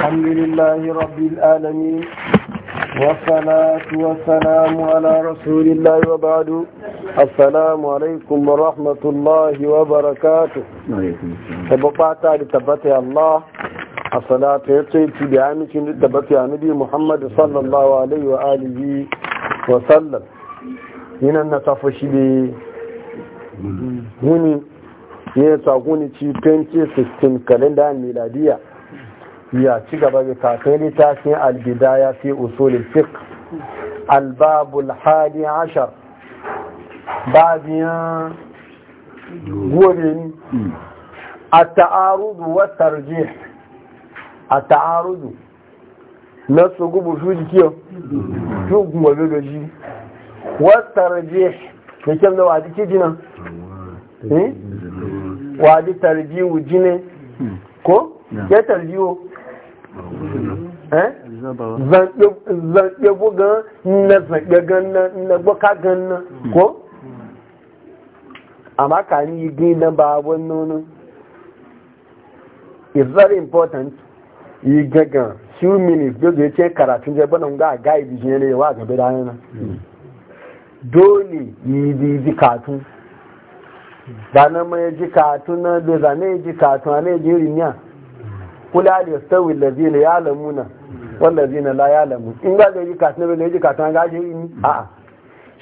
الحمد لله رب العالمين والصلاة والسلام على رسول الله وبعد السلام عليكم ورحمة الله وبركاته تبقات لتبت الله الصلاة يتيت بعامك لتبت نبي محمد صلى الله عليه وآله وسلم هنا نتفش بي هنا يتعوني 2016 كالندا ميلادية ya ci gaba da kafin littafin albidaya fi usulul fiqh albabul hadi ashar babiyan gobe ni a ta'arudu wa tarjih a ta'arudu na su gubu su jikiyo su kuma gaji wa tarjih da kyan da wadi ke jinan hmm? wadi tarjihu jine ko hmm. ya tarjihu Eh? zanɓe bugan na zanɓe ganna na gbaka na ko amma ka ni yi na ba wani nuna is very important yi gagan few minutes da zai ce karatun jai bana ga ga ibi shi ne wa gabe da yana dole yi bi ji katun da na mai ji katun na da zane ji katun a ne jiri niya kula da yastawi lazina ya lamuna zina la ya lamu in ga da yika tana ne yika tana ga ni? a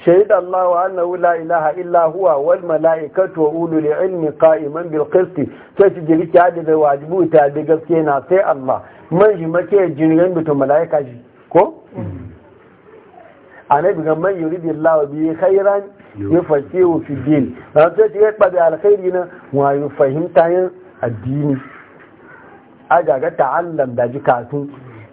shahid Allah wa annahu la ilaha illa huwa wal malaikatu wa ulul ilmi qa'iman bil qist sai ji jiri ta da wajibu ta da gaske na sai Allah man shi make jirin bitu malaika shi ko annabi ga man yuridu Allah bi khairan yafqihu fi din sai ya kwada alkhairi na wa fahimta yin addini agaga ta'allam da ji katun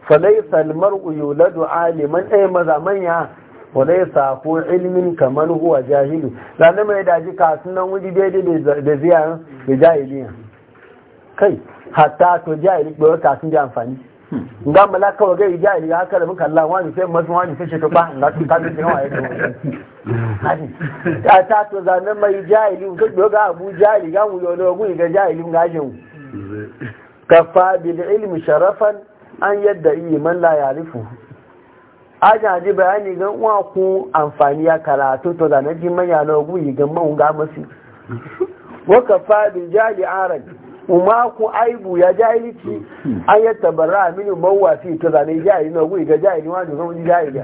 falaisa almar'u yuladu aliman ay eh, maza manya walaisa ko ilmin kamar huwa jahilu lalle mai da ji katun nan wuri daidai da ziyan da jahiliya kai hatta to jahili ko katun da amfani nga malaka wa gai jahili ya kada muka Allah wani sai masu wani sai shi tuba nga tun kadu jin waye ta ta to zanen mai jahili ko ga abu jahili ga mu yo ga ga jahili ga jahili kafa bil ilmi sharafan an yadda iya man la yarifu aja ji bayani gan uwa ku amfani ya karatu to da naji manya na yi gan man ga masu wa kafa bil jali aran kuma ku aibu ya jahilici. an ya tabara mini mawasi to da naji jahili na guyi ga jahili wani zo ji jahili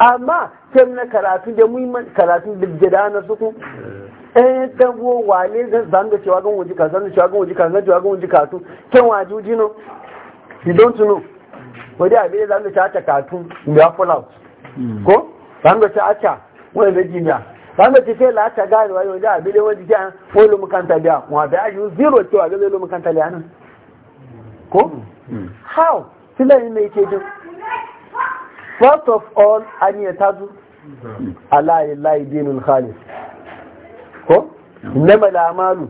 amma kem na karatu da muhimman karatu da jada na suku eh tabo wane zan da cewa gan wuji kaza zan cewa gan wuji kaza cewa gan katu ken waji no you don't know wadi abi zan da cewa ta katu we are full out hmm. ko zan da cewa ta wani da jinya zan da cewa la ta gari wani wadi abi da wani wani lo makanta biya wa da zero cewa lo makanta biya nan ko hmm. Hmm. how ke jin first of all an yi alayi layi khalis ko nema lamalu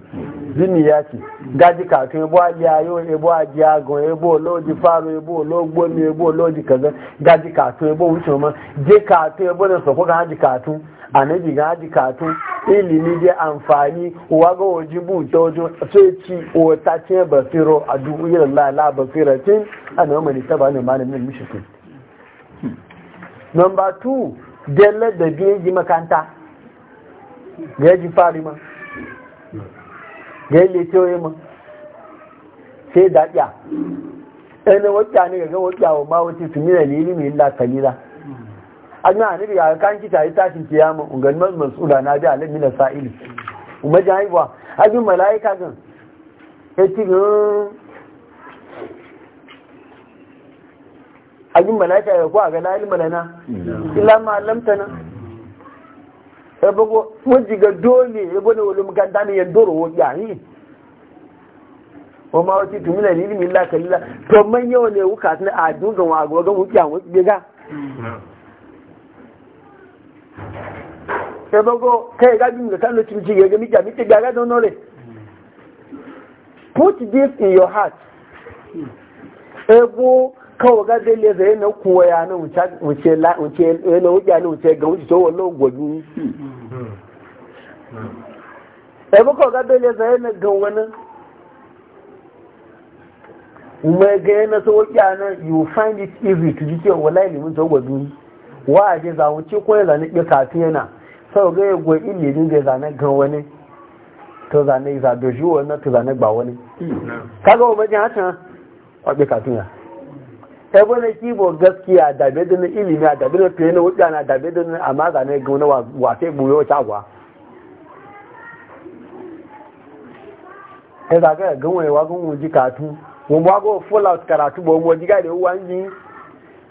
zini ya ce gaji kakan ebo aliyayo ebo ajiyagun ebo oloji faro ebo ologbo ni ebo oloji kaza gaji katun ebo wucin ma je katun ebo na soko ga haji katun anabi ga haji katun ilimi dai amfani uwa ga waji buta wajen sai ci wata ce basiro a duk yin lala basira tin a na mamani ta bani mishi mishikin hmm. number two dalla da biyan ji makanta ga yaji fari ma ga yi yi ma sai daɗiya ɗan wakiya ne ga wakiya wa ma wace su mina lili mai illa kalila an yi hannu ya kan kita yi tashin ma, ungan masula na biya alabi na sa'ili umarji haihuwa hajjin mala'ika gan ya ci gan Ajin mala'ika ya kuwa ga la'ilmalana illa ma'alamta na ebogo wuji ga dole ebo ne wani muganda ne ya doro wo ya yi o ma wati tumi ni, ni, mi kalila to man yawa ne wuka tana a dugan wa ga ga wuki an wuki ebogo kai ga bin kan lo tumi ga mi ga mi ga ga don nore put this in your heart ebo kawai ga zai leza yana kuwa ya nan wuce yana wuce yana wuce ga wuce to wallo gwabi hmm. ya ba kawai ga zai leza yana ga wani mai ga yana so wuce nan you find it easy to ji cewa wala ilimin to gwabi wa a je za wuce ko ya zane ɗaya kafin yana sau ga ya gwa ilimin da ya zane ga wani to zane ya zabe wani to zane ba wani hmm. kaga wa majin hacan kwaɓe kafin yana ebe na kibo gaskiya da bai na ilimi a dabe na fiye na wuɗa na dabe da na amma zane ga wani wafe buwe wata agwa ya zaga ga ganwaye wagon wuji katu wani wago full out karatu ba ji gari wani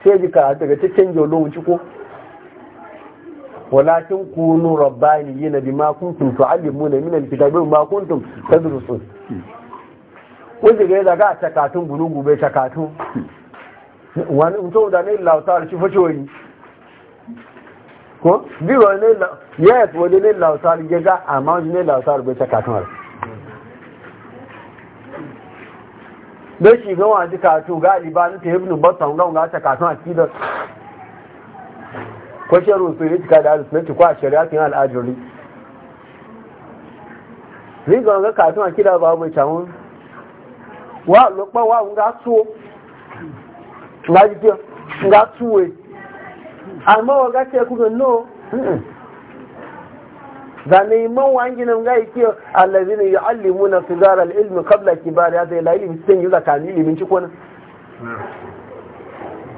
sai ji karatu daga cikin jolo wuci ko walakin kunu rabbani yana bi ma kuntum tu'allimuna min alkitabi hmm. ga zaga a wani mutum da ne lautar shi fashoyi ko bí wọ́n ní yes wani ní lautar gẹ́gá àmá ní lautar gbé ṣakatun rẹ̀ bẹ́ ṣì gan ga àti kàtù gáàlìbá ní tẹ́bùnù bọ́tàn gan ta ṣakatun àti ìdọ̀ kwashe rufe ya cika da alisunan ci kwa shari'a kan al'ajiri rigon ga katun a kira babu camun wa lokpa wa ga so Ngaji ji kiyo ga tuwe amma wa ga ce kuma no da neman wanginan na yi kiyo allazi ne ya allimu na su zara ilmi kabla kibar ya zai layi sun yi zakani ilimin ci kone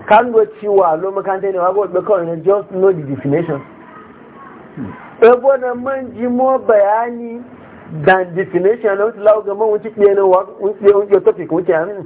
kan go ciwa lo makanta ne wago be kawai ne just know the definition ebo na man ji mo bayani dan definition na wuce lawo ga man wuce ɗaya na wuce topic wuce yamin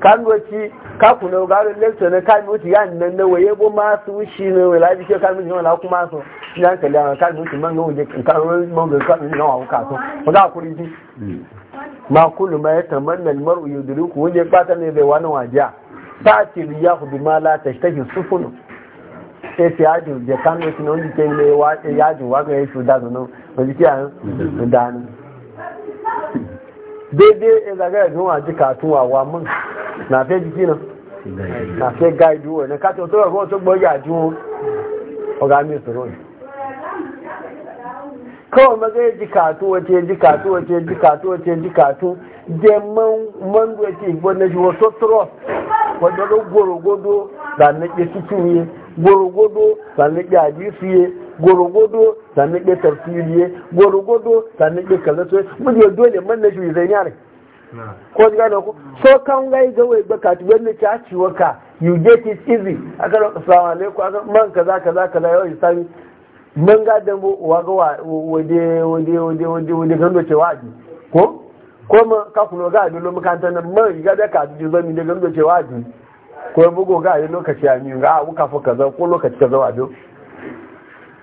kangoci kaku na ugarin lecture na kan mutu ya nan na waye bo masu su shi ne wala ji ke kan mutu wala kuma masu shi an kalli kan mutu man ga wuje kan man ga kan na wa ka so ko da kuri ji ma kullu ma yatamanna almar'u yudriku wuje kwata ne bai wani wajiya sa'ati riyahu bima la tashtahi sufunu sai sai ya ji je kan mutu na wani ke ne wa ya ji wa ga yesu da zo no ko ji ya da ni daidai ya zagaya jin wa ji katun wa mun na fe jiki nan na fe na ya ju ga mi soro ni ko ma ga ji katu ce ji katu ce ji katu ce man man ce na ya gorogodo sami ɗe tafsiriye gorogodo sami ɗe kaza to mun je dole man na juyi zai yare ko ji gane ko so kan gai ga wai ba ka tuwe ne ta ciwo ka you get it easy aka assalamu alaikum aka man kaza kaza kaza yau isami man ga dan wa ga wade wade wade wade wade gando ce waji ko ko ma ka kuno ga dole makanta nan man ga da ka ji zami da gando ce waji ko bugo ga lokaci a mi ga abu ka fa kaza ko lokaci kaza wa do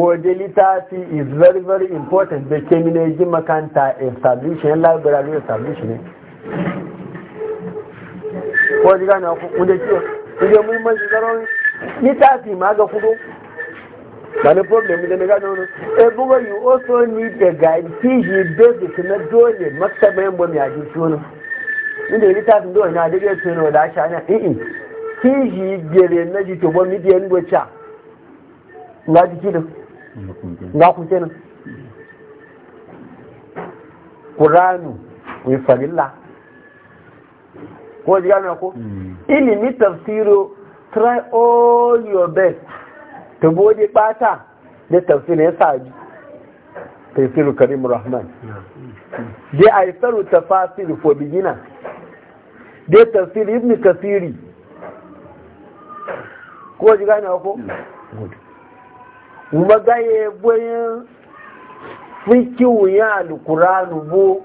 waje littafi is very very important da ke mina ji makanta establishment library establishment ko ji gane ku kuje kiyo kuje muhimmanci zaron littafi ma ga kudu ba ni problem da na gane wani e buga you also need a guide kiji basic na dole maktaba yin bomi a jiki wani inda littafin dole na daga yadda yana da asha ne i'i kiji gere na jito bomi biyan gocha na jiki da ga na? kenan Qur'anu wa fadilla ko jiga nako ko ni hmm. tafsiro try all your best to bode bata da tafsirin saji tafsiru karim rahman hmm. dai a yi tsaro tafasiri for beginner dai tafsiri ibn kasiri ko jiga gane ko hmm. good magaye goyin fikiwu ya alukuranu bo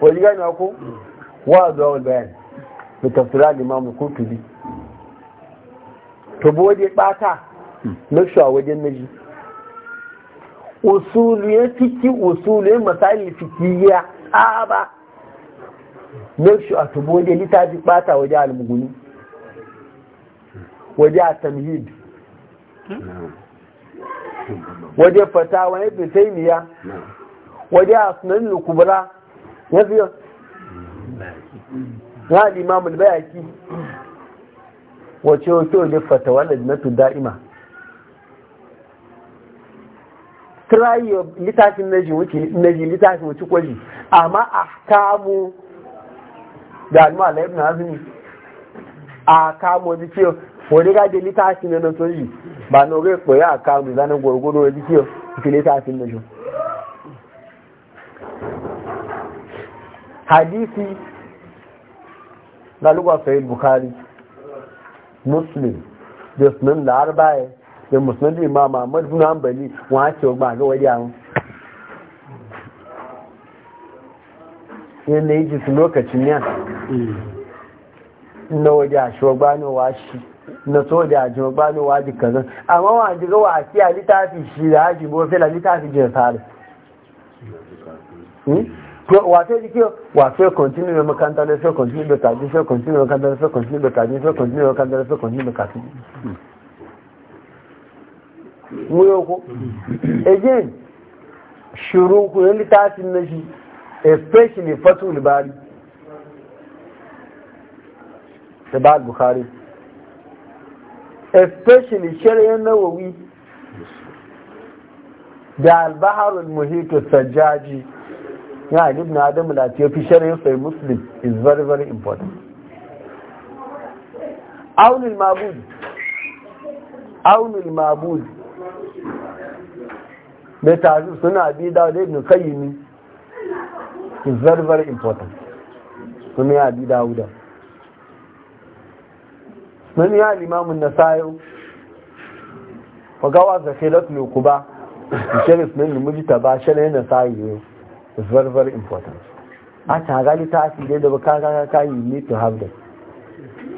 wani gani ako mm. wa zuwa bayan da tafsira limamu ko tubi to bo waje bata na mm. shuwa wajen naji usulu ya fiki usulu ya masali fikiya a ba na shuwa to bo waje littafi bata waje almuguni waje a tamhid waje fatawa ya fi taimiya waje a sunan lukubura ya fiye na limamun bayaki wace wasu waje fatawa da jinatu da'ima tirayi litafin naji litafin wuce kwaji amma a kamu da alma na azumi a kamu wajen ciwo wani gaje litafi ne na soji ba na oge koya a kawo da zanen gwargwaro wa jiki fi litafi na shi hadisi na lugwa sahih bukhari muslim da sunan da arbaye da musulun da imam ahmad bin hanbali wa ce ba ga wari awon yin da yake su lokacin yan mm. na waje a shugabanowa shi na soja a jima ba ni waji kaza amma wa ji ga wasi a littafi shi da haji bo sai la littafi jin sare wato hmm? ji kiyo wato continue da makaranta ne sai continue da kaji sai continue da makaranta sai continue da kaji sai continue da makaranta sai continue da kaji hmm. mu yau ko again shuru ku yan littafin na shi especially fatul bari da ba bukari. especially shari'ar nawawi da albaharul muhitu sajaji ya yi ibn adam da ce fi shari'ar sai muslim is very very important aunil mabud aunil mabud mai tazu suna bi da wadda ibn kayyini is very very important suna ya bi da wadda من يا الامام النسائي وقوى ذخيرة الوقوبة الشرف من المجتبى شلين النسائي is very very important a tagali ta da ba ka ka ka you need to have them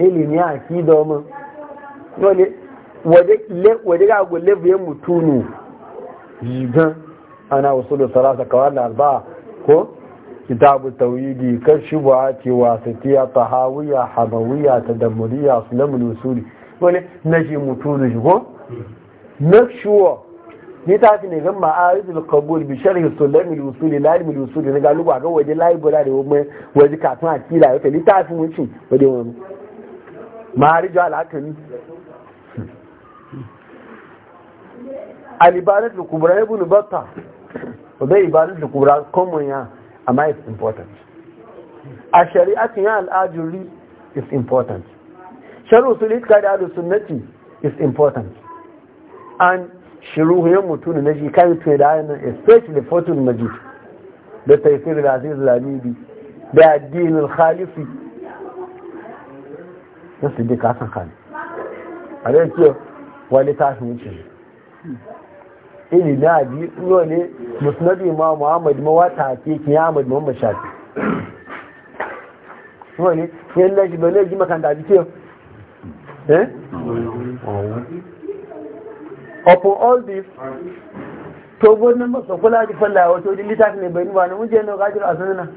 ilimi a ki domin dole wadda ga gulle biyan mutunu jigan ana wasu da sarasa kawar da arba ko kitabu tawhidi kar shi ba ce wasatiya tahawiya hadawiya tadammuriya sulamul usuli wani mutu da shi ko Na shi sure ni ta fi ne, nigan ma'arizul kabul bi sharhi sulamul usuli lalim usuli ne galu a ga waje laibura da wani waje kafin a kila yau ni ta fi mutun waje wani A ma'arizu alakami alibanatul kubra bata. batta wadai ibanatul kubra komon ya Am it's important a shari'atin ya al'ajuri is important sharu su litka da sunnati is important shiru shiruhuyen mutum na ji kan tuwe da hannun especially fotun majid da taifir da aziz lamidi da addinin khalifi na su dika san khalifi a da yake wani tashin wuce ili na abi yau ne musnadi imam muhammad ma wata ke ki ahmad muhammad shafi yau ne yan na shi bane ji makanda abi ke eh upon all this to go na maso kula ji falla wato din litafi ne bai ba na mun je na gajira asana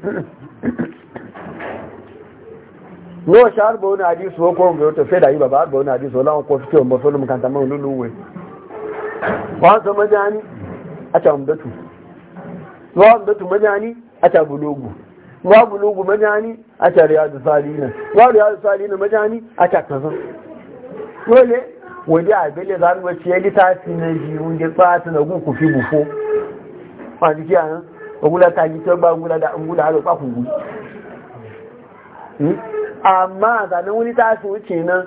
no shar bo na hadisi ko ko to fe da yi baba bo na hadisi wala láwọn kọ́ mo so mun kan ta mun wasu majani a ta hamdatu wa hamdatu majani a ta bulogu wa bulogu majani a ta da salina wa da salina majani a ta kazan dole a bele za mu wace yi ta fi na ji mun ge tsata na gun fi bufo ma ji a nan ogula ta ji ba ogula da angula halo ba ku amma zanen wani ta fi wuce nan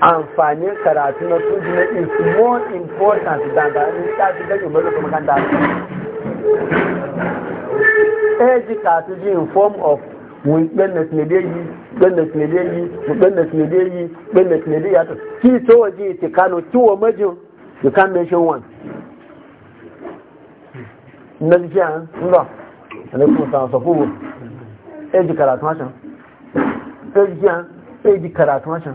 amfanin karatu na tuji na is more important than the littafi da yin maluka makanta eji karatu ji in form of wun ɗan da sinedeyi ɗan da sinedeyi ɗan da sinedeyi ɗan da sinedeyi ya ki to waje ti kano ki wa majin you can mention one na jiki an ba alaikum salam sakubu eji karatu mashan eji an eji karatu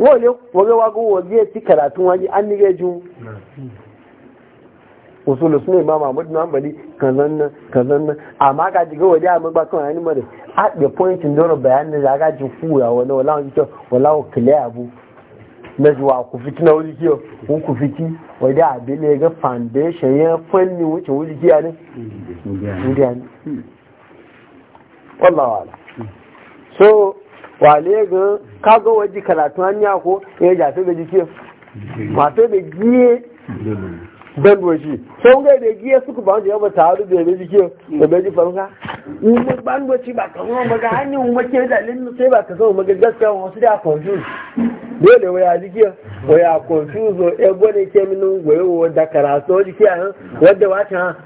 wole wage wago waje ci karatun waje an ni gaju usulu sun imam ahmad na ambali kazan nan kazan nan amma ka jiga waje amma ba kan yani mare at the point in bayanin da aka ji fuya wala wala wani to wala o clear abu na zuwa ku fiti na wuli kiyo ku ku fiti waje abin ga foundation ya fanni wuce wuri kiya ne wuri ne wallahi so wale ga kaga waje karatu ya ko ya jafe da jike masu da giye ban doshi sai ga da giye suku ba ba ta haru da yabe jike da bai ji faruka umar ban doshi ba ka zama maga hanyar ma ke da lin sai ba ka zama maga gaskiya wasu da konju. dole waya jike waya confuse zo? E gwani ke minin goyo da karatu jike an wanda wadda wata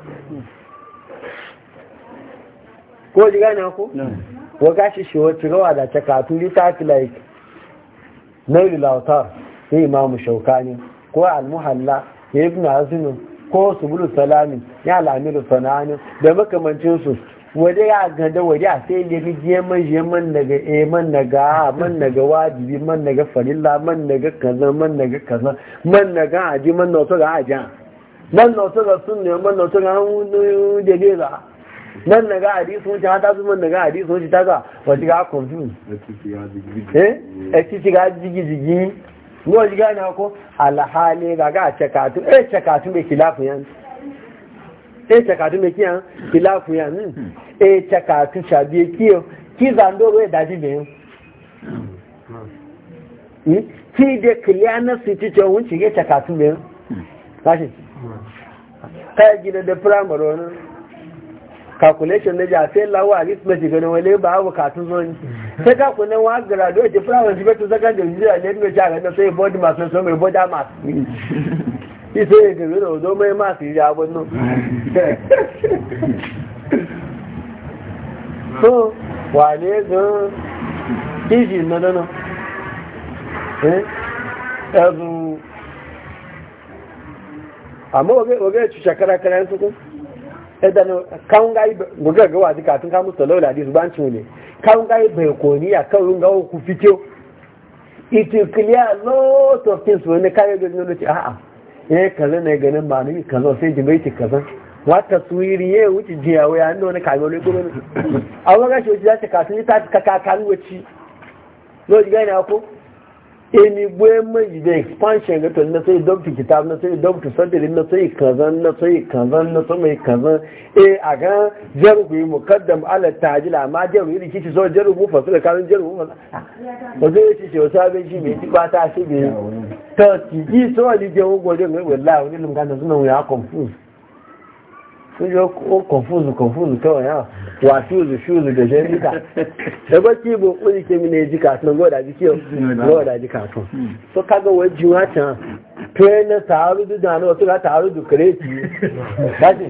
ko ji gane ko? waga shi shi wata rawa da ta katu littafi like naili lautar ya yi imamu shaukani ko almuhalla ya yi ibn azinu ko bulu salami ya lamiru sanani da makamancinsu wadda ya gada wadda a sai ya rijiye man shi man daga e man daga man daga wajibi man daga farilla man daga kaza man daga kaza man daga aji man na wato ga a, man na wato ga sunne man na wato ga hannu da a nan naga hadisi wuce hata su man naga hadisi wuce ta ga wasu ga confuse eh, eh ga jigi jigi ni wasu gane ko alhali ga ga cakatu eh cakatu mai kilafu yan eh cakatu mai kiyan kilafu yan eh cakatu shabi kiyo ki zando we daji be hmm? ki de kiliyana su ci cewa wuce ya cakatu be kashi kai gida da firamare wani calculation na jafe lawa arithmetic ne wale ba abu katun zo ni sai ka kunan wa graduate from university secondary university ne ne ja ga sai body mass so mai body mass ni sai ga gero do mai mass ya bonno so wale ga kiji na dano eh amma wage wage shakara kara su ko ɗan kawun gayi gugar gawa duka tun kamun salau da hadisu ban ne kawun gayi bai koniya kawun gawa ku fito it will clear lot of things wani kayan gani wani ce a'a ya kaza na ganin ba ni kaza sai jimaiti kazan wata suwiri ya wuce jiya waya inda wani kayan wani gudu a wani gashi wuce za ta kasu ta kakakan wuce zo ji gani ako emi buwan mai da expansion ga tun na sai doctor kitab na sai doctor sadari na sai kazan na sai kazan na sai mai kazan eh a ga jarhu mu kaddam ala tajila amma jarhu yi rikici so jarhu mu fasira kan jarhu mu ah, ba zai ci ce wasu abin shi mai ba ta shi ne ta ki so ali je go je wallahi wani lumkan da sunan ya confuse sójú ó kọ̀fúzù kọ̀fúzù tọ́ ẹ̀yà wà ṣúùzù ṣúùzù gẹ̀ẹ́sẹ̀ níta ẹgbẹ́ tí ìbò ó ní kémi ní èjì kàtún ọgbọ́ ọ̀dàjì kí ọgbọ́ ọ̀dàjì kàtún tó kágọ̀wọ̀ jù wá tán pẹ́ẹ́nẹ́ tààrùdù dáná tó ká tààrùdù kìrẹ́ẹ̀tì láti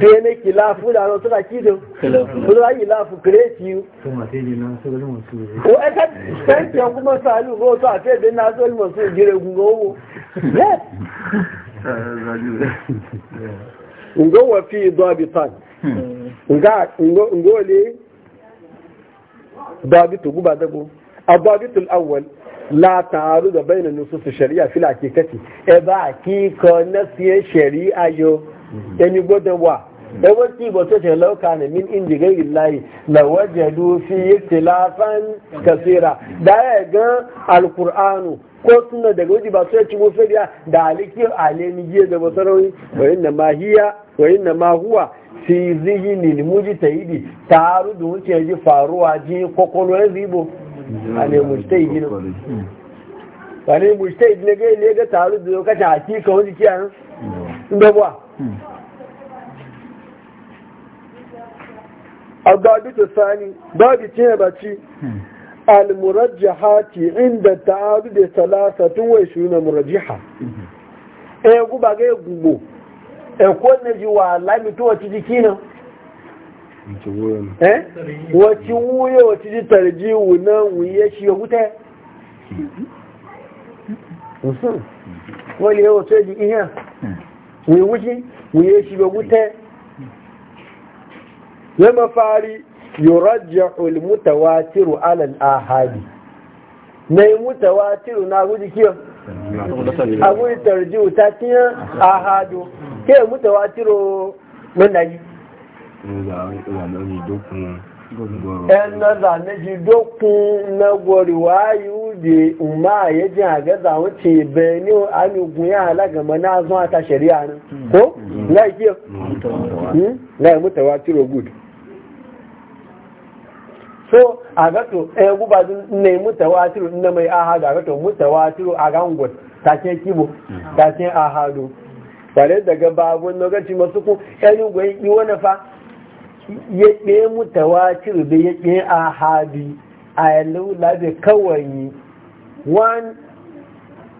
pẹ́ẹ́nẹ́ kì láàfù dáná tó ká kídò tó ká yìí láàfù kìrẹ́ẹ̀tì o ẹ̀ka pẹ́ǹtì ọkùnmọ́ sàálù bó tó àfẹ́ ìdè náà tó lè mọ̀ sí ìdírẹ́gùn owó nga wa fi dabitan hmm. nga ngo le dabitu guba dago adabitul awwal la ta'arud da nusus ash shari'a al hakikati e ba ki ko nasiye shari'a yo hmm. eni godan wa yawanci ba ce lauka ne min inji gairi layi na wajadu fi tilafan kasira da ya ga alkur'anu ko suna daga wajen ba cikin fadiya da alikiyar alemi jiya da basarauni wa inna ma hiya wa zihi ma muji ta yi mujtahidi taru da wuce ji faruwa ji kokolo zibo ale ga ga taru da hakika wani kiyan agabi da sani babu ce baci almurajjahati inda ta ta'adu da tun wai shi na murajjiha e guba ga gugu e ko ne ji wa lami to wace jiki na eh wace wuyo wace ji tarjiwu nan wuye shi ya wuta wani yawon sai ji iya wuye wuce wuye shi ya wuta na mafari yurajjahul mutawatiru alal ahadi na yi mutawatiru na guji kiyo a guji tarjiu ta tiyan ahadu ke mutawatiru wanda yi ‘yan na zane ji dokun na gwariwa yi da umma ya ji a gaza wuce benin amigun ya halaga mana zuwa ta shari'a nan ko? Mm. na yi kiyo? Mm. Hmm? na yi mutawa tiro gudu so a gato ɗaya eh, guba ne mutawatiru na mai ahadu a gato mutawatiru a gangon take kibo take ahadu tare daga babun lokaci masu kun eh, ɗari gwai yi wani fa ya ɗaya mutawatiru da ya ɗaya ahadu a yalu labe kawai one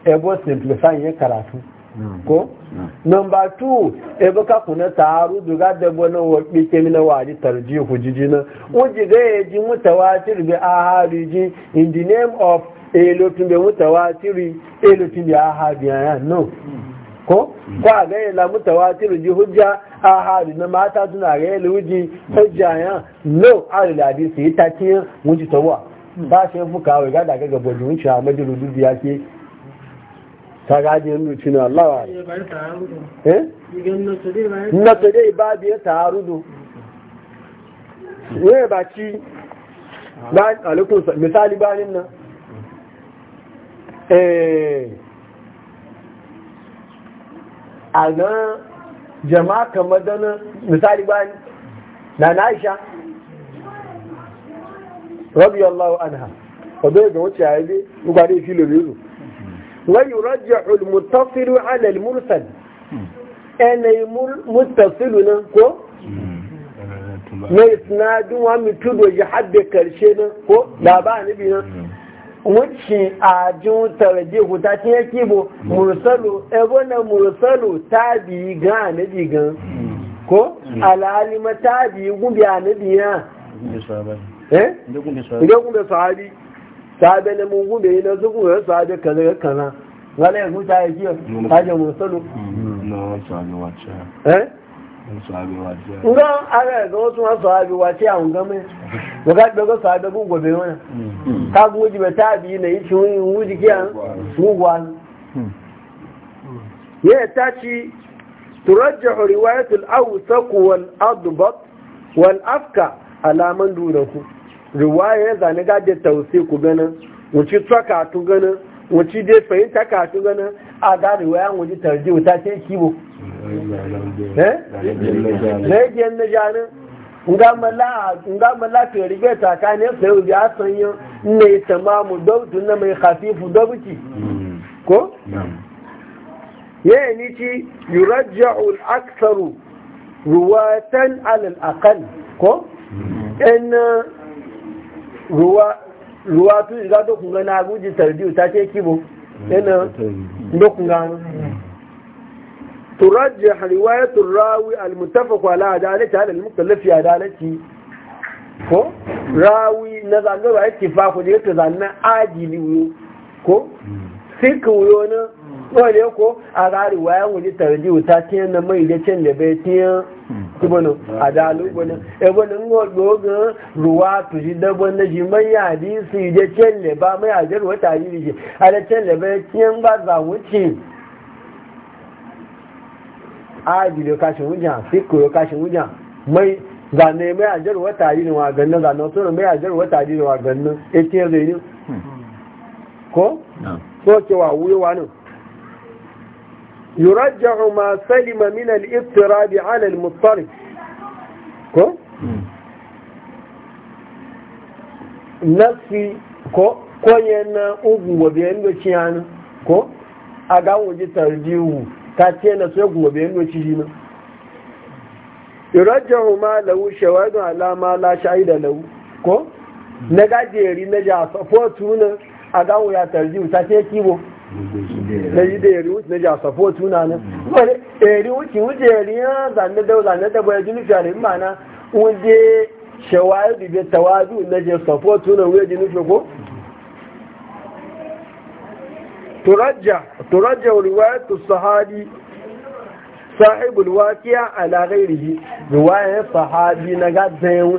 ebo eh, simplifying ya karatu Mm. ko mm. number two ebe ka kuna taru duga da bana wakil kemi na waji tarji hujiji na wuji ga ya ji mutawatir bi ahariji in the name of elotun bi mutawatiri elotun bi ahariya no ko mm. ko a gaya la mutawatir ji hujja ahari na mata suna gaya luji hujja ya no alil hadisi ta tiyan wuji tawa ba shi fuka wai ga daga gabo ji wuce a majalu dubiya ke ta gaji yin nuci na Allah eh na tare ba biya tarudu ne ba ci misali banin nan eh. a nan jama'a kamar dana misali banin na na isha rabi Allah anha wadda ga wuce a yabe gwade filo biyu ويرجع المتصل على المرسل أنا متصل نكو na isnadin wa mutu da ya hadda karshe na? ko da bi na? wuce a jin tarje huta ta ya kibo mursalu ebo na mursalu ta bi ga bi gan ko alalima ta bi gubi na bi ya eh gubi sahabi sabe ne mun gube ne su kuma sabe kaza kaza wala yanzu ta yi kiyo ta mun sanu mm-hmm. no wace eh ara ga wasu ma sabe wace a unga me daga daga sabe gun gobe mm-hmm. ka guji ba ta biyu ne yi cin wuji kiya mugwan mm-hmm. ya ta ci ترجح wal الأوثق wal afka على من دونه riwaya zane ga ta tausi ku ganin wuce tsaka tu ganin wuce dai fahimta ka tu ganin a ga riwaya wuce tarji wuta ce kibo eh ne gen na janin nga mala nga mala ke rige ta ka ne sai ya san yin ne tamamu dawdu na mai khafifu dawki ko ni ci yurajja'u al-aktharu ruwatan ala al-aqall ko mm. in ruwa tu iga dokun gana guji tarbiyu ta ce kibo ina dokun gano ترجح رواية الراوي المتفق على عدالته على المكلف في عدالته ko rawi na zanen ba yake fafo da yake zanna ajili wuyo ko sai ka wuyo na wale ko a rari wayan waje tarji ta ce na mai da can da bai tiyan kibono adalu bono e bono ngodo ga ruwa to ji da bono ji man ya di si je chelle ba mai a jeru wata yi ji ala chelle ba kien ba za wuci a ji da ka shi wuja fi ko ka shi wuja mai ga ne mai a jeru wata yi ni wa ganna ga no to mai a jeru wata yi ni wa ganna e ke hmm. ko ko ce wa wuyo wa no yurajja'u ma salima min al-iftirad 'ala al-muttarif ko nasi ko konyen na ugu wa biyan ko aga wuji tarjihu ka ce na sai ugu wa biyan do ma lahu shawadu ala ma la shahida lahu ko na gajeri na jasa fotuna aga wuya tarjihu ta ce kibo na yi da yari wuce na ja safo na ne wani yari wuce ya zanne da zanne da bayan jini fiye da mana wunde shawayi dubi tawadu na je safo tuna wuya jini fiye ko ترجع ترجع رواية الصحابي صاحب الواقع على غيره رواية صحابي نقاد زيو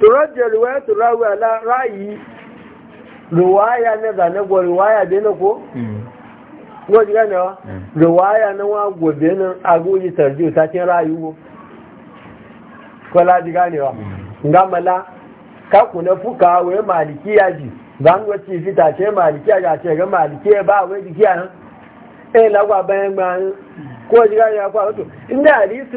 turajjar ruwaya turawi ala ra'ayi ruwaya na zanagwa ruwaya bai na ko? Hmm. gwaji ganewa hmm. ruwaya na wa gobe nan agoji tarjiyu ta cin ra'ayi ko laji ganewa hmm. gamala na fuka ji zango ci fita ce maliki ga ce ga maliki ba wai jiki a eh lagwa bayan ko kwa inda hadisi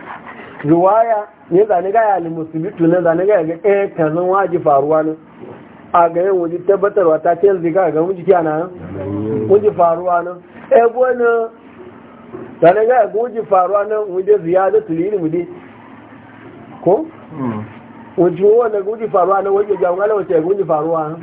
riwaya ne zane gaya al bitu ne zane gaya ga eh kazan waji faruwa ne a ga yin waje tabbatarwa ta ce yanzu ga ga wuji kiyana nan wuji faruwa nan eh gona zane gaya ga wuji faruwa nan wuje ziyada tulini mu dai ko wuji ga wuji faruwa nan waje jawon ala ga wuji faruwa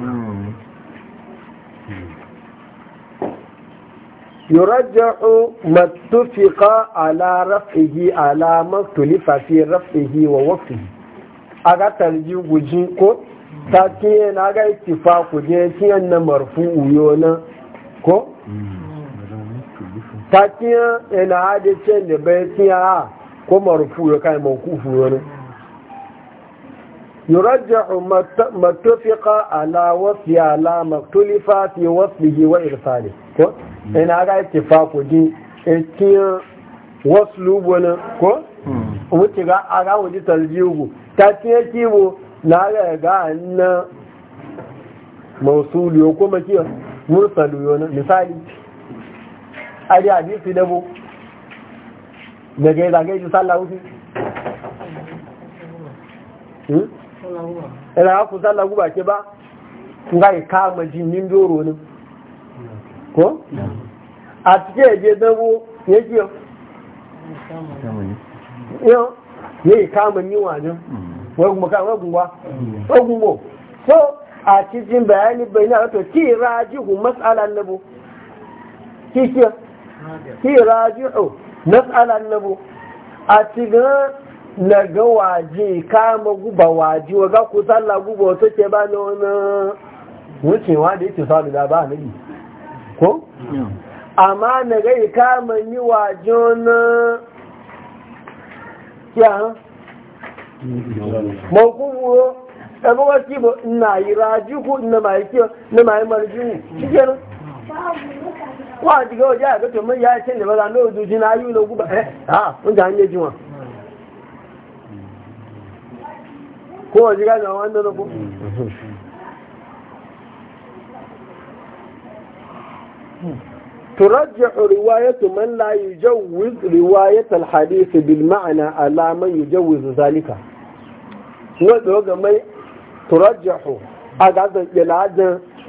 yurajja'u mattufiqa ala raf'ihi ala maktulifa fi raf'ihi wa waqfihi aga tarji guji ko ta kiye na ga ittifa ku je kiyan na uyo na ko ta kiye ina hade ce ne bai kiya ko marfu ya kai mawkufu yona yurajja'u mattufiqa ala wasfi ala maktulifa fi wasfihi wa irsalihi ko ina ga ittifaqu di etin waslu ne ko wuce hmm. ga aga wuce tarjihu ta tiye kibo na ga ga na mausuli ko kuma kiyo mursalu yo misali ari hadisi dabo daga da hmm? ga ji sallahu fi hmm sallahu ba ila ku sallahu ba ke ba ngai kama jinnin doro ne ko a cikin yaje dabo ya ke yau ya yi kamun yi wajen wai kuma kan wagun ba wagun bo so a cikin bayani bayani a wato ki rajihu mas'alan nabo ki ki ki rajihu mas'alan nabo a cikin na ga waje kama guba waje wa ga kusan laguba wato ke ba na wani wucewa da yake sa da ba nabi ko amma na gai kama ni wajen ya mawukubu ɗaga wasu ba na yi raji ko na mai kiyo na mai marjini shige nan jiga waje a ga ya ce ba na yi eh ha ndị hanyar jiwa ko waje ترجح رواية من لا يجوز رواية الحديث بالمعنى على من يجوز ذلك ودوغ مي ترجح أقعد يلعج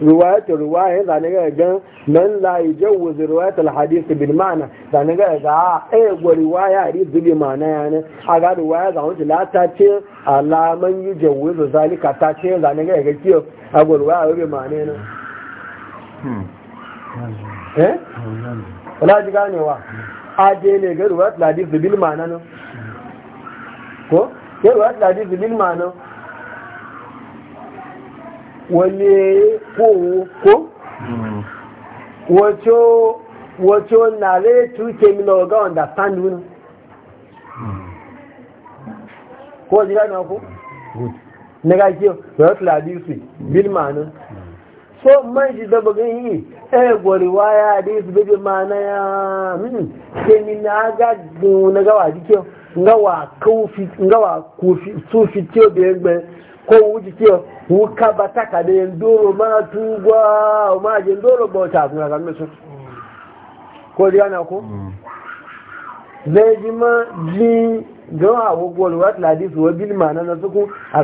رواية رواية ذلك من لا يجوز رواية الحديث بالمعنى ذلك إذا أيوة رواية حديث بالمعنى يعني أقعد رواية ذلك لا تاتي على من يجوز ذلك تاتي ذلك إذا أقول رواية بالمعنى يعني eh wala ji ganewa a je ne ga ruwa ladis bil ma'ana ko ya ruwa ladis bil ma'ana wani ko ko wato wato na retu ke mina ga understand wani ko ji ganewa ko ne ga kiyo ruwa ladis bil ma'ana so man ji da bugin yi eh gwariwa ya dai su bebe mana ya sai hmm, ni na ga na gawa dike ngawa kofi ngawa kofi su fitiyo da yagbe ko wuji wuka bataka taka ma tugwa ma je doro ba ta kuma kan su ko dia na ko hmm. zai ji ma ji gawa wo gwariwa ladisu bil mana na suku a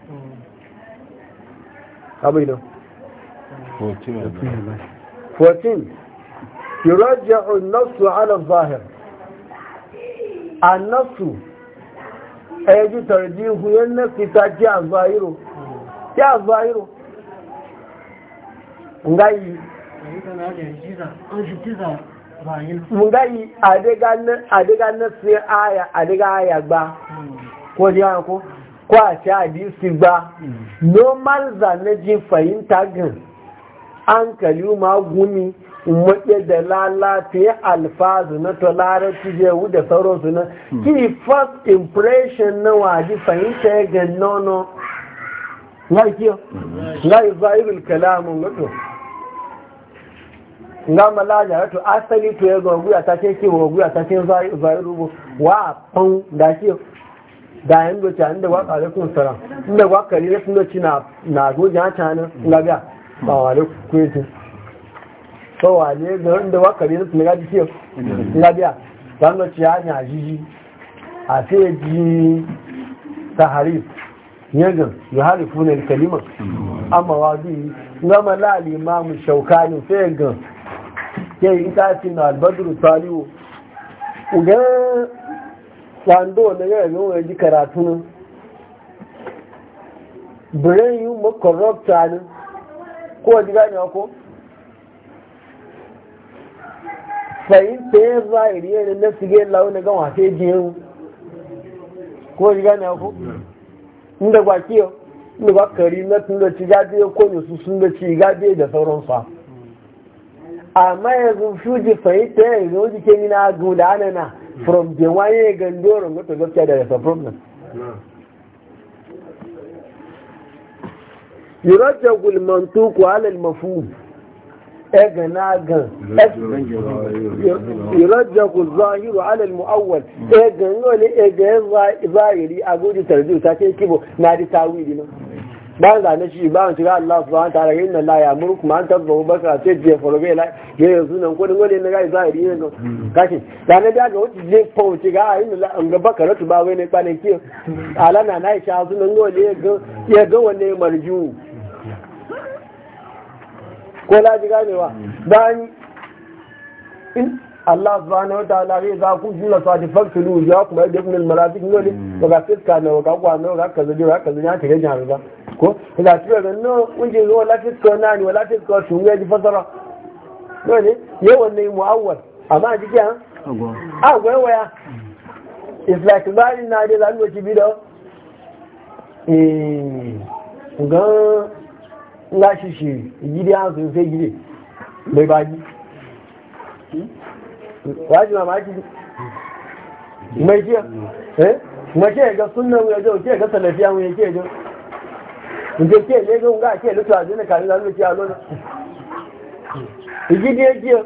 abinu 14 yurajja'u an-nasu 'ala adh-dhahir an-nasu ayyi tarjihu yanna kitaji adh-dhahiru ya adh-dhahiru ngai ngai adegan adegan si aya adega aya gba ko diyan ko ko a ci hadisi ba normal zanajin fahimta gan an kalima gumi maɗe da lalafiya alfazu na tolarati jewu da sauransu na ki first impression na waji fahimta ya ga nono ngai kiyo ngai zahirul kalamun gato nga malaja asali to ya ga ta ki wa ta ce zahirul wa pan da ki da yin doce inda waka kun sara inda waka ne sun doce na goji hata na ga ba wa ku kwetu so wa ne da inda waka ne sun na biya ba ta ci ya nya jiji a sai ji sahari yanzu ya harifu ne kalima amma wa bi gama la limamu shaukani sai ga ke ita ce na albadru taliu ugan wando wanda ya yi wani ji karatu ne brain yi mu korrupta ne ko ji gani ko fahimta ya zahiri ya ne na sige launa ga ji yi ko ji gani ko inda ba kiyo inda ba kari na tun da ci gaje ko ne su sun da ci gaje da sauransu amma yanzu shuji fahimta ya yi jike yi na guda na na from the one year gando rin wata gafiya da yasa problem yurajen gulmantu ku halal mafu ega na gan yurajen ku zahiru halal mu'awwal ega yi wani ega yi zahiri a gudu tarzi ta ke kibo na di tawili na ba za na shi ba wani tira Allah su wani tare inna la ya murku ma an tabbahu baka ce je forobe la ya yanzu nan kodin wani na gai zahiri ne kashi da na daga wata je fauci ga a inna la an ga baka ratu ba wai ne kwanan kiyo alana na isha su nan gole ya ga wanne marju ko la ji ganewa bayan Allah subhanahu wa ta'ala zai za ku jula satisfaction ya kuma yadda ibn al-marafiq ne ga fiska ne ga kwano ga kaza ga kaza ya tare ba ko ìgbà tí ẹ̀rọ a oúnjẹ ìlú wọn láti kọ náà ni wọn láti kọ ṣùgbọ́n ẹni fọ́sọ́rọ̀ náà ni yóò wọ ní ìmọ̀ àwọ̀ àmọ́ àjíjẹ́ hàn àwọ̀ ẹ̀wọ̀ ya ìfìlàkì bá rí náà dé lánàá ti bí lọ ǹgán ńlá ṣìṣì ìjídé àwọn tó ń fẹ́ jíde lè bá jí wàá jù màmá jí mọ̀ ìjẹ́ ẹ̀ mọ̀ ìjẹ́ ẹ̀gá súnmọ́ ẹ̀gá òjẹ́ ẹ̀gá nke ke lego nga ke lutu azina kan zan lutu alona igidi ejiyo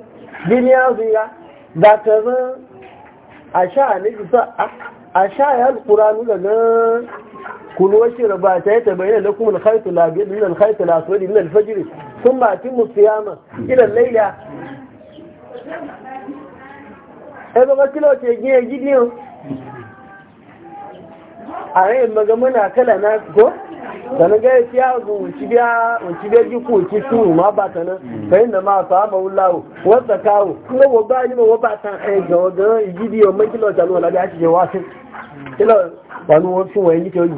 dini azira da kaza asha ne bisa asha ya alquranu da na kulu washir ba ta ta bayyana lakum alkhayt alabid min alkhayt alaswad min alfajr thumma atimu siyama ila al-layla ebe ga kilo te gidi ejiyo a rayin maga muna kala na ko sanin ga yake ya zo wuci biya wuci biya ji ko ci ma ba ta nan kai na ma fa ba wallahu wata kawo kuma wa ba ni ma wa ba san ai eh, ga ga igidi o mai kilo jalo la ga ci je wasin kilo ba nu wasu wani yi yi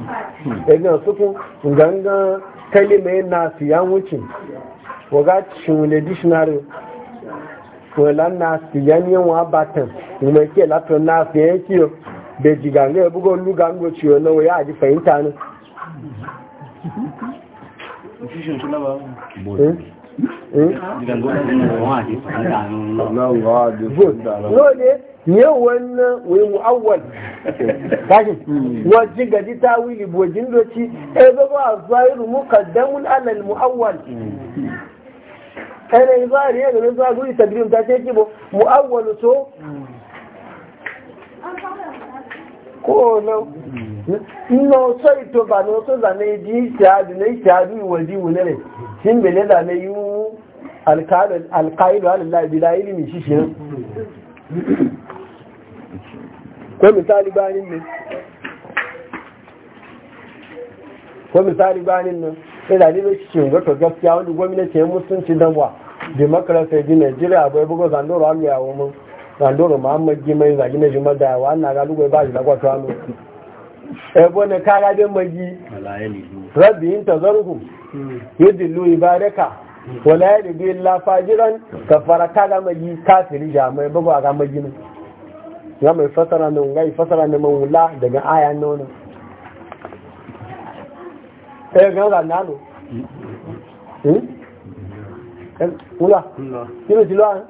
eh, e ga su ku ganga kalime na su ya wuce wa ga ci ne dictionary ko la na su ya ni wa ba ta mu ke la na su ya ki da jiganga ya bugon luga ngo ciwo na waya a ji fahimta ne Lole, ne wannan wai mu'awwal, kashi, wajen gaji ta wili bojin doci, ɗaya zaba a zairu mukaddamun hm. alal mu'awwal. Ɗaya ne zari ya gani zaguri tabirin ta ce kibo, mu'awwal so kóòló nínú ọ̀sọ́ ìtòbà ní ọ̀sọ́ ìzànà ìdí ìṣàdù ní ìṣàdù ìwọ̀dí ìwòlẹ́rẹ̀ ne. ń bèlé ìzànà ìwú alkailu alìlá ìbílá ìrìnì ṣíṣe kwamisari banin nan ina ne cikin gato gaskiya wani gwamnati ya mutunci damuwa demokrasi ji nigeria abuwa bugu zandoro alu yawon mun randoro muhammad gimai zagi na jima da wa na galugo ba shi lagwa tano ebo ne kara bin magi rabbi in tazarhu hmm. yudillu ibadaka wala yadidu illa fajiran kafara kaga magi kafiri jamai e babu a ga magi ya mai e fasara ne ngai fasara ne mawula daga aya nono eh ga ga nalo hmm? hmm.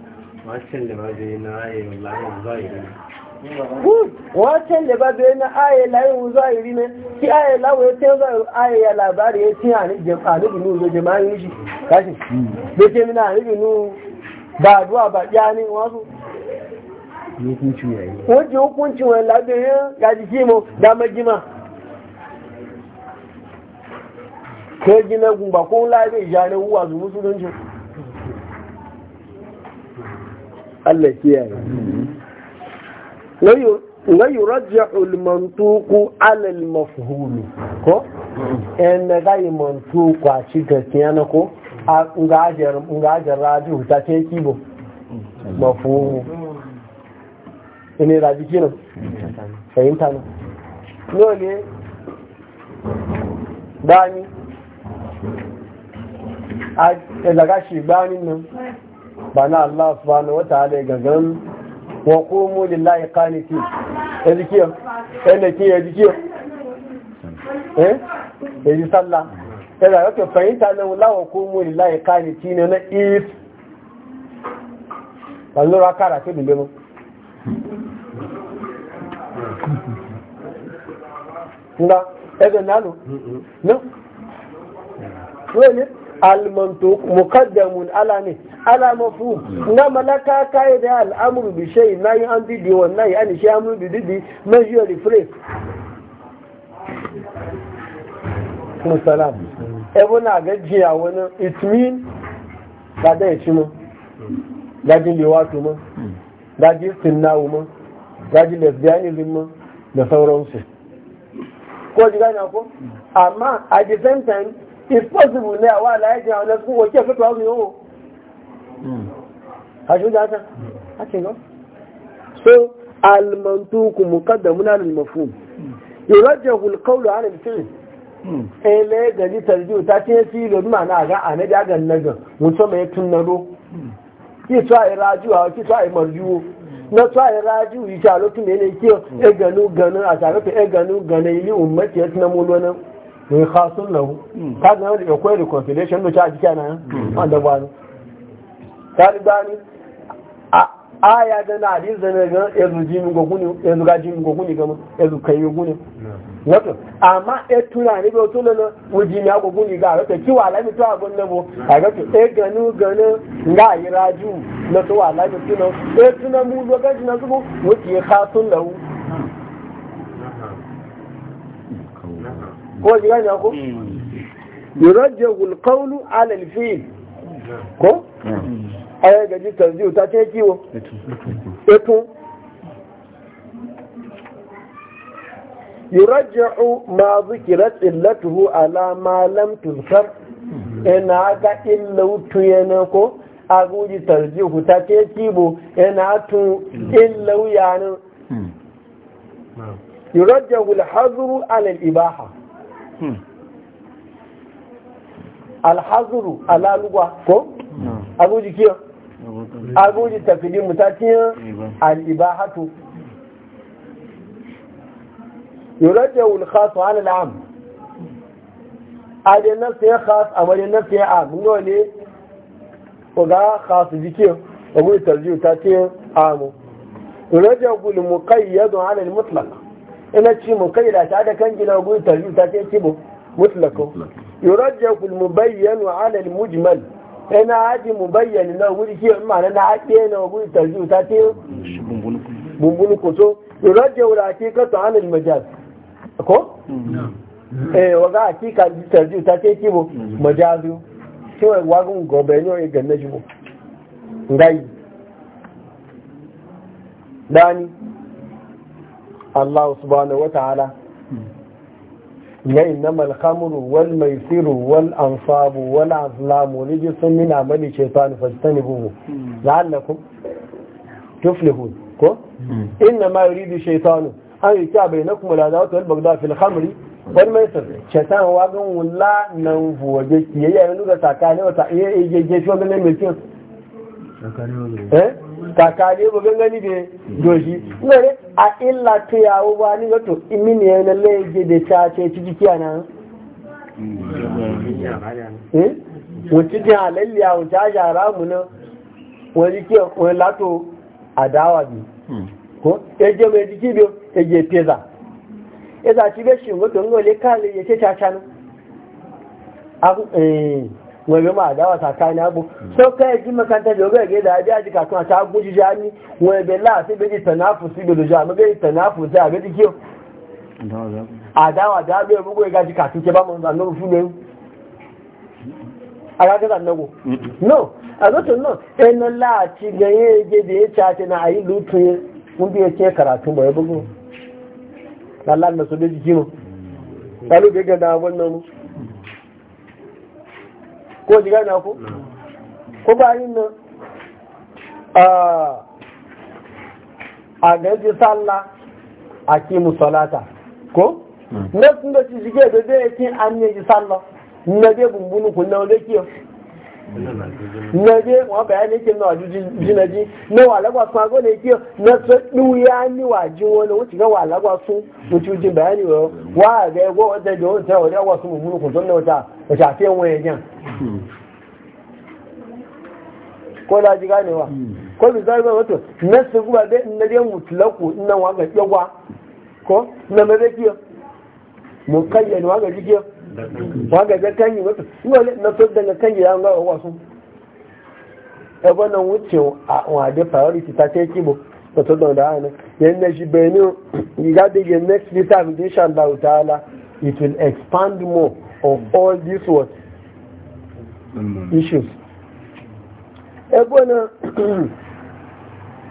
wancan da babu yana aye layin zahiri wancan da babu yana aye layin zahiri ne ki aye lawo ya tiyan zahiri aye ya labari ya tiyan anibu nu zo jama'in shi kashi da ke mina anibu nu ba duwa ba ɗaya yanin wasu wajen hukuncin wani labirin ya jiki mu damar gima. ko gina gumba ko labirin janin wuwa su musulunci Allah kiyaye wa yurajjahu al-mantuqu ala al-mafhum ko en ga gai mantuqu a ci gaskiya na ko a ngajar ngajar raju ta ce kibo mafhum ine raju kino fahimta Na dole bani a daga e shi bani nan bana Allah subhanahu wa ta'ala gagan wa qumu lillahi qaniti ezikiyo ene ki ezikiyo eh eji sallah kada yake fahimta na wala wa qumu lillahi qaniti ne na if wallo akara ke dinde mo nda ebe nalu no wele almantuk mukaddamun ala ne ala mafu na malaka kai da al'amur bi shay nayi an didi wannan yani shi amru bi didi majority phrase musalam ebo na gajiya wani it mean da da ci mu gaji liwatu mu gaji sinnawu mu gaji lesbianism mu da sauransu ko ji gane ko amma at the same time if possible ní àwọn aláìjẹ àwọn ẹkùn wọ́n kí ẹ̀fẹ́ tó àwọn ìhòwò àṣíwájá àṣíwá so almantukun mukaddamun alalmafu hmm. ìrọ́jẹ̀ hulkaulu alifin hmm. ẹlẹ́ gari tarjiyo ta ce fi lori ma na ga a nadi agan nagan mutum mai tunnaro ki to a raju a ki to a yi marjiyo na to a rajiyo yi taro tu mai ne ki e ganu ganu a tare ta e ganu ganu ili ummati ya tunan mulu nan ne khasun lahu hmm. ka ga da akwai reconciliation da ta ji kana hmm. wanda ba ta dani aya da na a da ne ga yanzu ji mun goguni yanzu ga ji mun goguni ga yanzu kai goguni hmm. wato amma e tunani ba to lana wuji ya goguni ga wato ki wala mi to abun a ga to e ganu ganu ga yi raju na to wala mi to e tunan mu ga na e khasun ko ji gane ko hmm. yurajjahu alqawlu ala alfi'l ko hmm. aya ga ji tarjiu ta ce kiwo eto u ma zikirat illatuhu ala ma lam hmm. ina ga illautu yana ko aguji tarjihu ta ce kibo ina tun illau yana yurajjahu alhazru alal ibaha. Hmm. alhazuru alaluwa ko agoji kiyo agoji tafidin mutakiyan al'ibahatu yurajja ulkhasu ala al'am adin nasu ya khas a wajen nasu ya am ga ga khasu jikiyo agoji tarjiyu ta ce amu yurajja ulmuqayyadu ala al-mutlaq ina ci mu kai da ta da kan gina gudu tarbi ta ce ci mu mutlako yurajjaku kul mubayyan wa 'ala al-mujmal ina haji mubayyan na wuri ki amma na ake na gudu tarbi ta ce bumbulu ko so yurajjaku al ta 'ala al-majaz ko mm. eh waga hakika tarbi ta ce ci mu mm. majazu ki gun gobe ne ji mu ngai dani Allah subhanahu ta’ala ya innama alhamuru wal maisiru wal ansabu wal azlamu min amali shaytan fastanibuhu la'allakum tuflihun ko hmm. yuridu an bainakum wal bagda fil khamri wal maisir shaytan wa gan nan ga takane wata iya ne mai kin kakari ba gangani be doji ngare a illa to yawo ba ni gato imini ya na leje da ta ce ciki kiyana eh hmm? wuce ta halalli a wuce a jara mu na wani ke wani lato a adawa bi hmm. ko eje mai jiki biyo eje peza eza ci be shi ngoto ngole kale ya ce ta canu a eh wẹ̀rẹ̀ máa dáwà sàkáyìn ààbò sọ́kẹ́ ẹjí mẹ́kàntẹ́ lórí ẹ̀gẹ́ ìdájẹ́ àti kàtún àti agbójújá ní wọn ẹ̀bẹ̀ láàfin méjì tẹ̀náàfù sí gbèdòjá àmọ́gẹ́ ìtẹ̀náàfù sí àgbẹ́dí ó àdáwà dábẹ́ gbogbo ẹ̀gá ti kàtún jẹ bá mọ́ ìgbà lórí fún lẹ́rú alágbẹ́ta náwó no na àyílù tún yẹ fún bí ẹ̀chẹ́ ko ji gane ku ko ba yin nan a gaji sallah a kimu salata ko hmm. na sun da ci shige da zai yakin an yi sallah na zai bumbunu kunna wanda kiyo na je wa bayani yake na waju jinaji na walagwa sun ago ne kiyo na ya ni waji wani wuce ga walagwa sun wuce jin bayani wa wa ga yago wata da wata wata wasu mummuni kun sun da wata wata a fiyan wani ko da ji ganewa ko bi zai ba wato na su guba bai na je mutlaku ina wa ga yawa ko na mabe kiyo mun kayyana wa ga jikiyo wa ga ga kan yi wata wale na so da kan ya an ga wasu e ba wuce a wa da priority ta ce kibo to to da da ne yan ne shi benin you got the next visa invitation da utala it will expand more of all these what mm. issues e ba na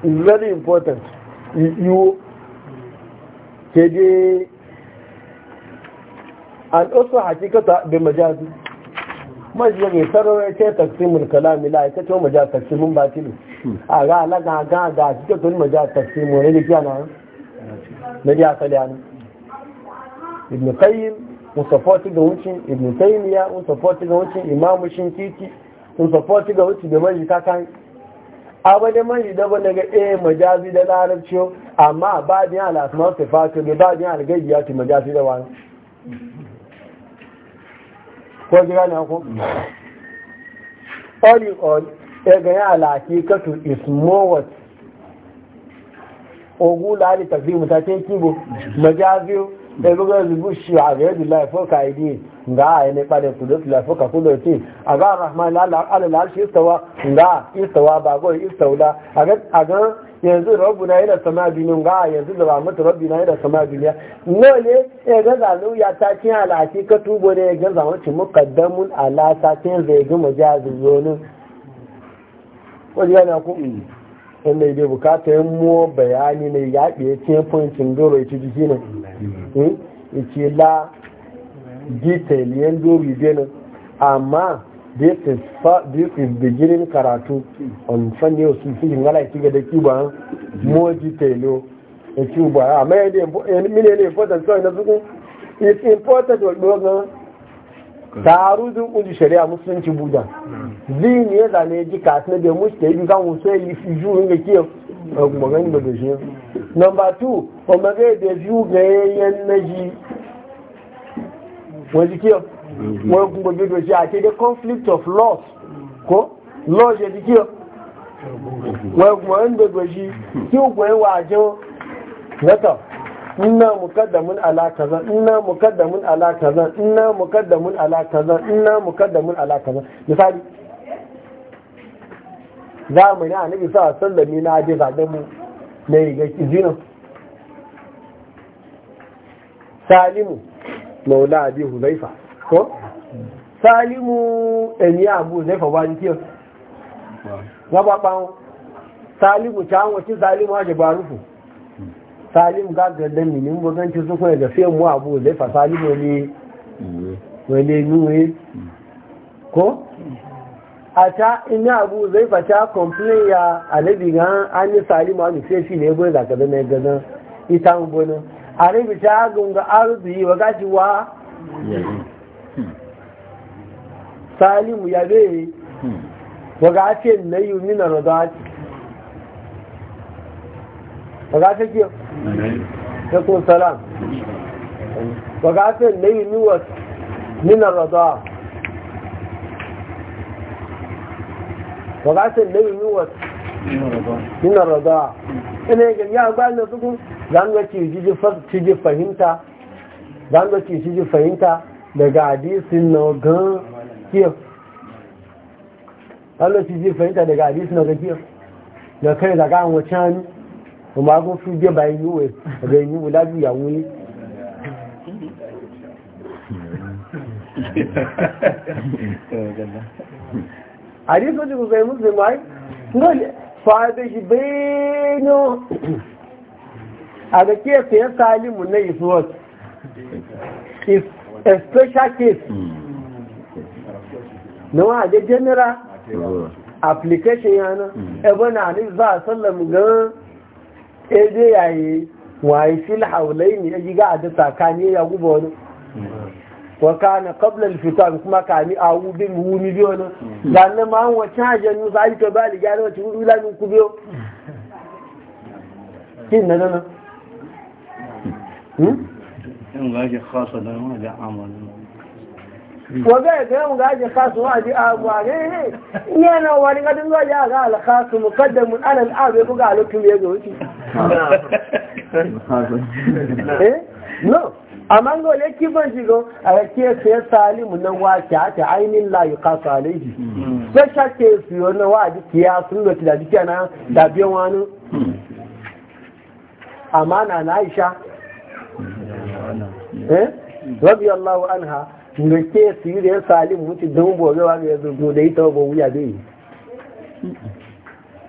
is very important you ke dai al'usu hakikata bi majazi majiya ne sarara ce taksimin kalami la ita ce maja taksimin batilu a ga alaga ga ga cike tun maja taksimin wani da kiyana na ji asali ana ibn qayyim un support ga wucin ibn taymiya un support ga wucin imamu shinkiti un support ga wucin da maji kakan abada maji da bane ga eh majazi da larabci amma ba din al-asma sifatu ba din al-gaibiyati majazi da wani ko ji gane ko, all in all ya gani alaƙi katu is more ogula ali takdimu ta ce kibo majaziyo da buga zubu shi a ga yadda laifin ka Nga ga a yi nefa da tudu laifin ka kudu ce a ga rahman ala alal shi istawa nga istawa ba gori istawla a ga yanzu na yana sama binin ga yanzu da ba mata na yana sama no ne ya ga zanu ya ta cin alaƙi ka tubo ne ya ga zanu ci muqaddamun ala ta yanzu zai ga majazi zonin wani yana ku inda mm. ya bukata yin mu bayani ne ya biye cin pointin doro ya ci jiki ne mm. hmm? ya ce la detail yan doro ya amma this is this is beginning karatu on fanni o sun fi ngala ti ga da cuba eh? moji telo e cuba eh? a e de mi eh, ne important so na zuku it's important wa doga un uji shari'a musulunci buda zini ya zane ji kasu na da mushi da yi kan wuce yi fi ju inda ke magani da doshi number two o magai da ju ga yayyan na ji wani Mhm. wọ́n gún gbogbo ìdò sí àkéde conflict of laws ko laws yẹ ti kí o wọ́n gún wọ́n gbogbo sí tí ó gbọ́n wà jẹ́ lọ́tọ̀ ina mukaddamun ala kaza ina mukaddamun ala kaza ina mukaddamun ala kaza ina mukaddamun ala kaza misali zamani a nabi sa sallami na je zaɓe mu na riga izinin salimu maula abi hulaifa ko salimu ẹni àbú lẹ́fọ̀ wá ní tíọ̀ lọ́pàá wọn salimu tí àwọn tí salimu àjẹgbà rúfù salimu gágẹ̀ẹ́dẹ́ mi ní gbogbo tí súnkún ẹ̀gẹ̀ fẹ́ mú àbú lẹ́fà salimu e ní wẹ̀lẹ̀ mm-hmm. e e. ko àtà iná Abu, lẹ́fà tí a kọ̀mplẹ̀ ya àlẹ́bì gan á ní salimu àmì fẹ́ fi lẹ́gbọ́ ìzàkẹ́lẹ́ mẹ́gẹ́ náà ìtàn gbọ́nà àrẹ́bì tí a gùn ga arúbì wọ́gájú wa salimu ya beye waga ce na nina rodaci waga ce ke ya salam waga ce na yi niwa nina rodaci waga na yi nina ina ya gbanin suku zanga ji fahimta fahimta daga hadisi na gan kiyo Allah ci zai fahimta daga hadisi na gajiya da kai daga an wace hannu da magun fi biya bayan yiwuwa daga yi wula biyu ya wuni hadisi wajen kusurai musulmi ai dole fada shi beno a ga kefe ya salimu na A special case na wa da general application yana hmm. ebe na alif za a sallam gan ebe yayi waye fil ne ya giga a da tsakani ya guba wani hmm. wa na qabla fito a kuma kani a bi mu hmm. da na ma an wace haje nu sai to ba liga da wace wuri lamin ku biyo kin na nana? hmm in da da waga ya gaya ga aje kasu wa ji abu a ne yana wani gadin zuwa ya ga alkasu mukaddamun alal abu ya buga alukun ya ga wuce eh? no amma ga wale kifin shigo a rake su ya salimu na wake a ta kasu alaihi hmm. su yi na wa jiki ya sun da jiki na wani na aisha hmm. eh anha da su yi da ya salim mutu don wa ga ya da ita ba wuya zai yi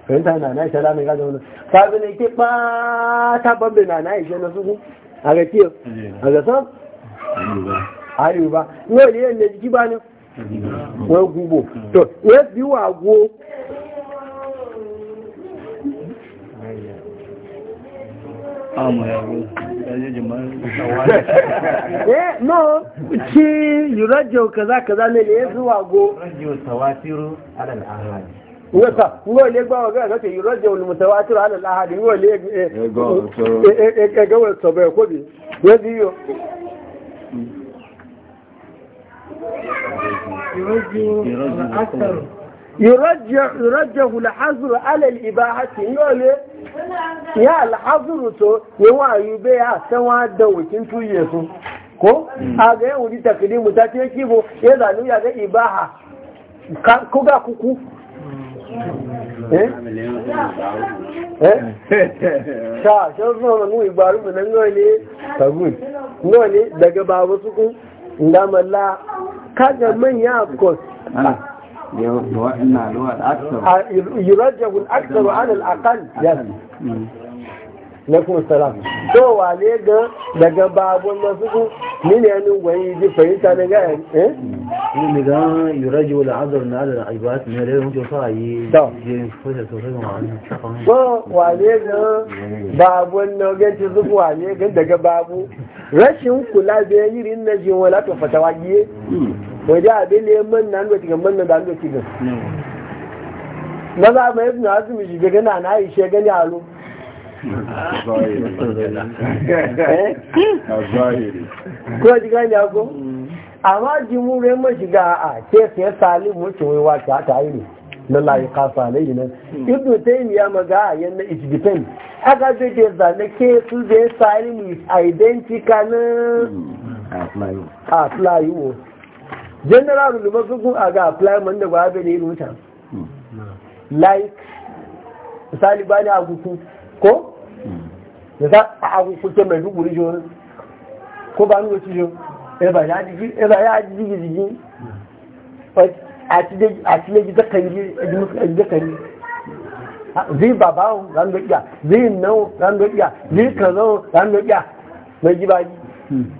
fahimta na na ishala mai gada wani sabi ne ke ba ta bambe na na ishe na suku a ga kiyo a ga sam ayu ba ne wani yadda jiki ba ne wani gubo to ya biyu a go Eh, no ci yurajo kaza kaza ne da zuwa go rajo tawatiru alal ahad wata ngo le gba waga ka ce yurajo al mutawatir ala al ahad ngo le e e ga wa to ko bi we di yo yurajo yurajjahu al-hazru ala al-ibahati yole ya al-hazru to ne wa yube ya san wa su ko a ga yan wuri taklimu ta ce ya zanu ya ibaha kuku eh eh sha mu ibaru mu nan tagun gole daga babu su ndamalla kaga manya cost يرجع الأكثر الأكثر على الأقل na kuma salam to wale ga daga babun na suku ni ne ni wani ji fahimta na gaya eh ni ne ga yuraji wal azr na ala ibat ne da mun sa yi je fata to sai ma an ko wale ga babun na ga ci suku wale ga daga babu rashin kula da yirin na jin wala to fatawa giye wajen abin da ya manna ga cikin manna da an ga cikin maza mai ibn azumi shi ga gana na aisha gani alo ko ji gani ako amma jimu rai mashi ga a ke sai salim wuce haka nan maga a yanna ijbitan aka ce ke zane ke su da salim is identical a fly wo general lumar gugun a ga fly man bai misali bani a kuku. ko da hmm. za a agukuke mai duguri jori ko ba nuna cijo eba eh, ya ji jigijigi a cile ji zakari zai babawo randokiya zai nawo randokiya zai kazo randokiya mai ji. Hmm.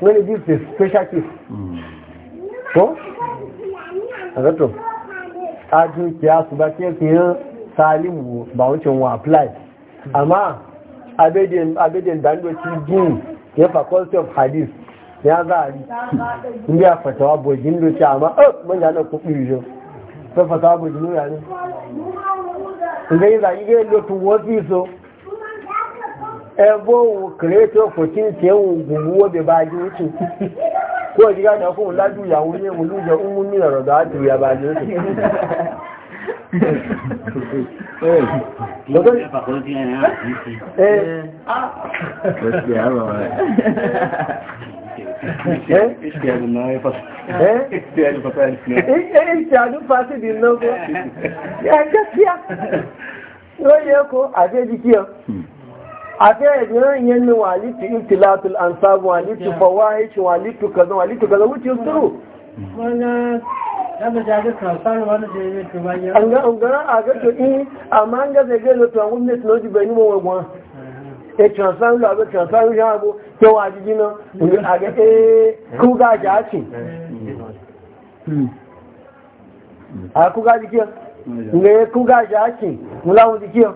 wani this is special case ko a zato ajin kiya su ba ke fiye salimu ba wucin wa apply amma abedin dangoci jin ya faculty of hadith ya yi? in a fatawa bojin doce amma oh mun gane kuɗi yau sai fatawa bojin doce ne in a yi zagi ga yi lotun wasu so ẹgbọ́ kìrẹ́tì ọ̀fọ̀tín tí ẹ̀wọ̀n gbogbo wọ́bẹ̀ bá jẹ́ oṣù kó o jíga náà fún lájú ìyàwó ní ẹ̀wọ̀n lóúnjẹ ń ní ọ̀rọ̀ dáa tìrì àbá jẹ́ oṣù Ìṣẹ́ yẹ kó àjẹ́ kí ọ. abin yanyin walitu ibtilatul ansab walitu fawahish walitu kaza walitu kaza wuce suru wala an ga ungara a ga to in amma an ga zai ga to an gwamnati no ji bayani mun wagwa e eh, transfer la ga transfer ya bo ke waji a ga e ku ga jaci eh. hmm. a ku ga dikiya hmm. ne ku ga jaci mula mu dikiya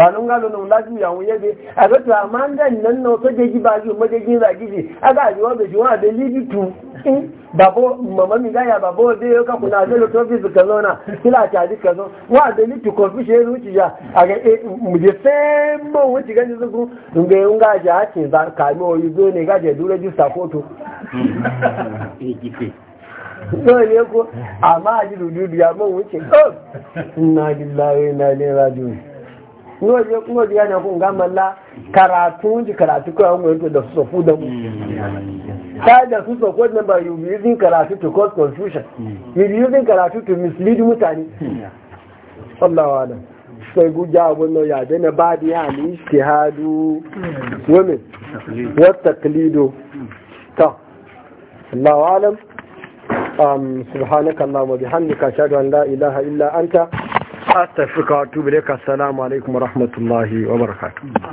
ba nun galo nun lafi ya wuye be a ga to amma nan no to je ba ju ma je ji za ji a ga ji wa be ji wa be libi tu babo mama mi ga ya babo de yo ka kuna zelo to bi ka zo kila ta ji ka zo wa be li tu ko fi she ru ci ja a ga e mu je se mo wo ti ga ni zu dun be un ga ja ci za ka mi o zo ne ga je dure ji sa e kó dúdú ṣe ọ́ ngo ji yana kun gama karatu karatu da sofu da mu mm. ta da su ba you using karatu to cause confusion mm. you using mutane mm. ya ba da ya ni istihadu Wani wata taqlidu ta Allahu alam um subhanaka allahumma bihamdika an la ilaha illa anta astagfirka wa tubu ilaika salamu alaikum wa rahmatullahi wa barakatuh